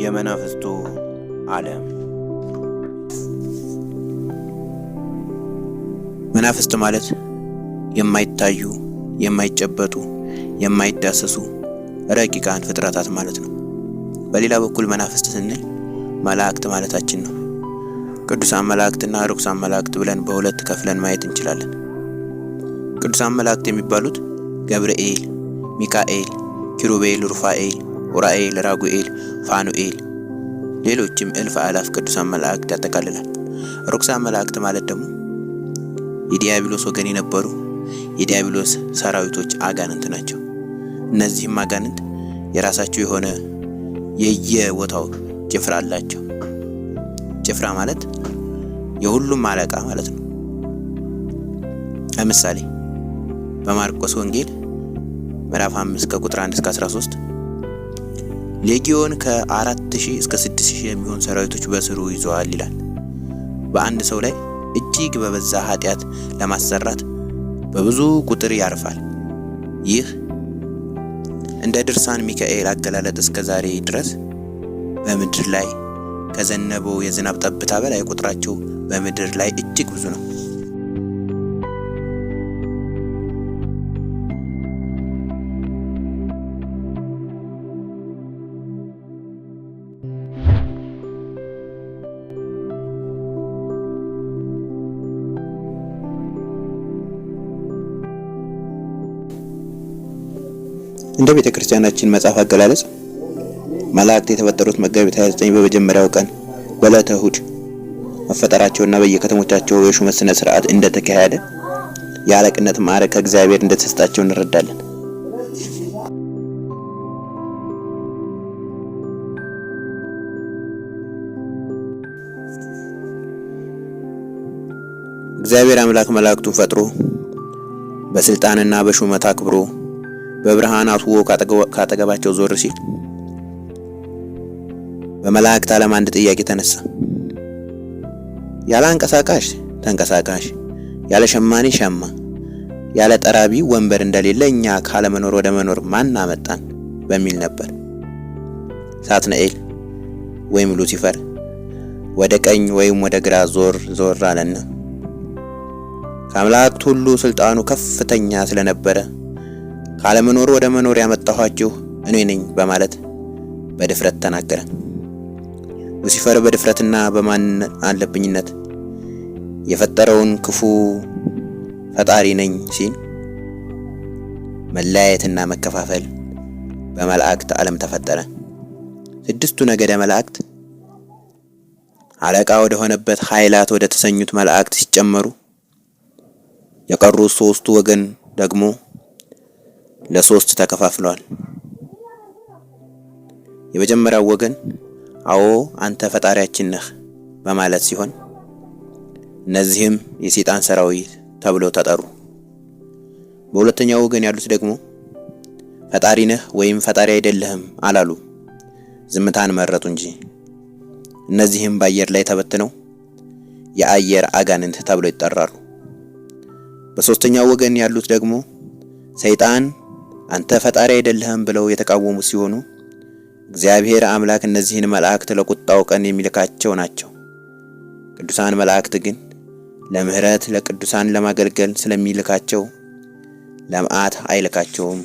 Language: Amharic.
የመናፍስቱ ዓለም መናፍስት ማለት የማይታዩ፣ የማይጨበጡ፣ የማይዳሰሱ ረቂቃን ፍጥረታት ማለት ነው። በሌላ በኩል መናፍስት ስንል መላእክት ማለታችን ነው። ቅዱሳን መላእክትና ርኩሳን መላእክት ብለን በሁለት ከፍለን ማየት እንችላለን። ቅዱሳን መላእክት የሚባሉት ገብርኤል፣ ሚካኤል፣ ኪሩቤል፣ ሩፋኤል ኡራኤል፣ ራጉኤል፣ ፋኑኤል፣ ሌሎችም እልፍ አላፍ ቅዱሳን መላእክት ያጠቃልላል። ርኩሳን መላእክት ማለት ደግሞ የዲያብሎስ ወገን የነበሩ የዲያብሎስ ሰራዊቶች አጋንንት ናቸው። እነዚህም አጋንንት የራሳቸው የሆነ የየቦታው ጭፍራ አላቸው። ጭፍራ ማለት የሁሉም አለቃ ማለት ነው። ለምሳሌ በማርቆስ ወንጌል ምዕራፍ 5 ከቁጥር 1 እስከ 13 ሌጊዮን ከ4000 እስከ 6000 የሚሆን ሰራዊቶች በስሩ ይዘዋል ይላል። በአንድ ሰው ላይ እጅግ በበዛ ኃጢአት ለማሰራት በብዙ ቁጥር ያርፋል። ይህ እንደ ድርሳን ሚካኤል አገላለጥ እስከ ዛሬ ድረስ በምድር ላይ ከዘነበው የዝናብ ጠብታ በላይ ቁጥራቸው በምድር ላይ እጅግ ብዙ ነው። እንደ ቤተ ክርስቲያናችን መጽሐፍ አገላለጽ መላእክት የተፈጠሩት መጋቢት 29 በመጀመሪያው ቀን በዕለተ እሁድ መፈጠራቸውና በየከተሞቻቸው የሹመት ስነ ስርዓት እንደተካሄደ የአለቅነት ማዕረግ ከእግዚአብሔር እንደተሰጣቸው እንረዳለን። እግዚአብሔር አምላክ መላእክቱን ፈጥሮ በስልጣንና በሹመት አክብሮ በብርሃናቱ ካጠገባቸው ዞር ሲል በመላእክት ዓለም አንድ ጥያቄ ተነሳ። ያለ አንቀሳቃሽ ተንቀሳቃሽ፣ ያለ ሸማኔ ሸማ፣ ያለ ጠራቢ ወንበር እንደሌለ እኛ ካለመኖር ወደ መኖር ማን አመጣን በሚል ነበር። ሳትናኤል ወይም ሉሲፈር ወደ ቀኝ ወይም ወደ ግራ ዞር ዞር አለና ከአምላክት ሁሉ ስልጣኑ ከፍተኛ ስለነበረ ካለመኖር ወደ መኖር ያመጣኋችሁ እኔ ነኝ በማለት በድፍረት ተናገረ። ሉሲፈር በድፍረትና በማን አለብኝነት የፈጠረውን ክፉ ፈጣሪ ነኝ ሲል መለያየትና መከፋፈል በመላእክት ዓለም ተፈጠረ። ስድስቱ ነገደ መላእክት አለቃ ወደ ሆነበት ኃይላት ወደ ተሰኙት መላእክት ሲጨመሩ የቀሩት ሶስቱ ወገን ደግሞ ለሶስት ተከፋፍለዋል። የመጀመሪያው ወገን አዎ አንተ ፈጣሪያችን ነህ በማለት ሲሆን እነዚህም የሰይጣን ሰራዊት ተብለው ተጠሩ። በሁለተኛው ወገን ያሉት ደግሞ ፈጣሪ ነህ ወይም ፈጣሪ አይደለህም አላሉ፣ ዝምታን መረጡ እንጂ። እነዚህም በአየር ላይ ተበትነው የአየር አጋንንት ተብለው ይጠራሉ። በሶስተኛው ወገን ያሉት ደግሞ ሰይጣን አንተ ፈጣሪ አይደለህም ብለው የተቃወሙ ሲሆኑ እግዚአብሔር አምላክ እነዚህን መላእክት ለቁጣው ቀን የሚልካቸው ናቸው። ቅዱሳን መላእክት ግን ለምሕረት ለቅዱሳን ለማገልገል ስለሚልካቸው ለመዓት አይልካቸውም።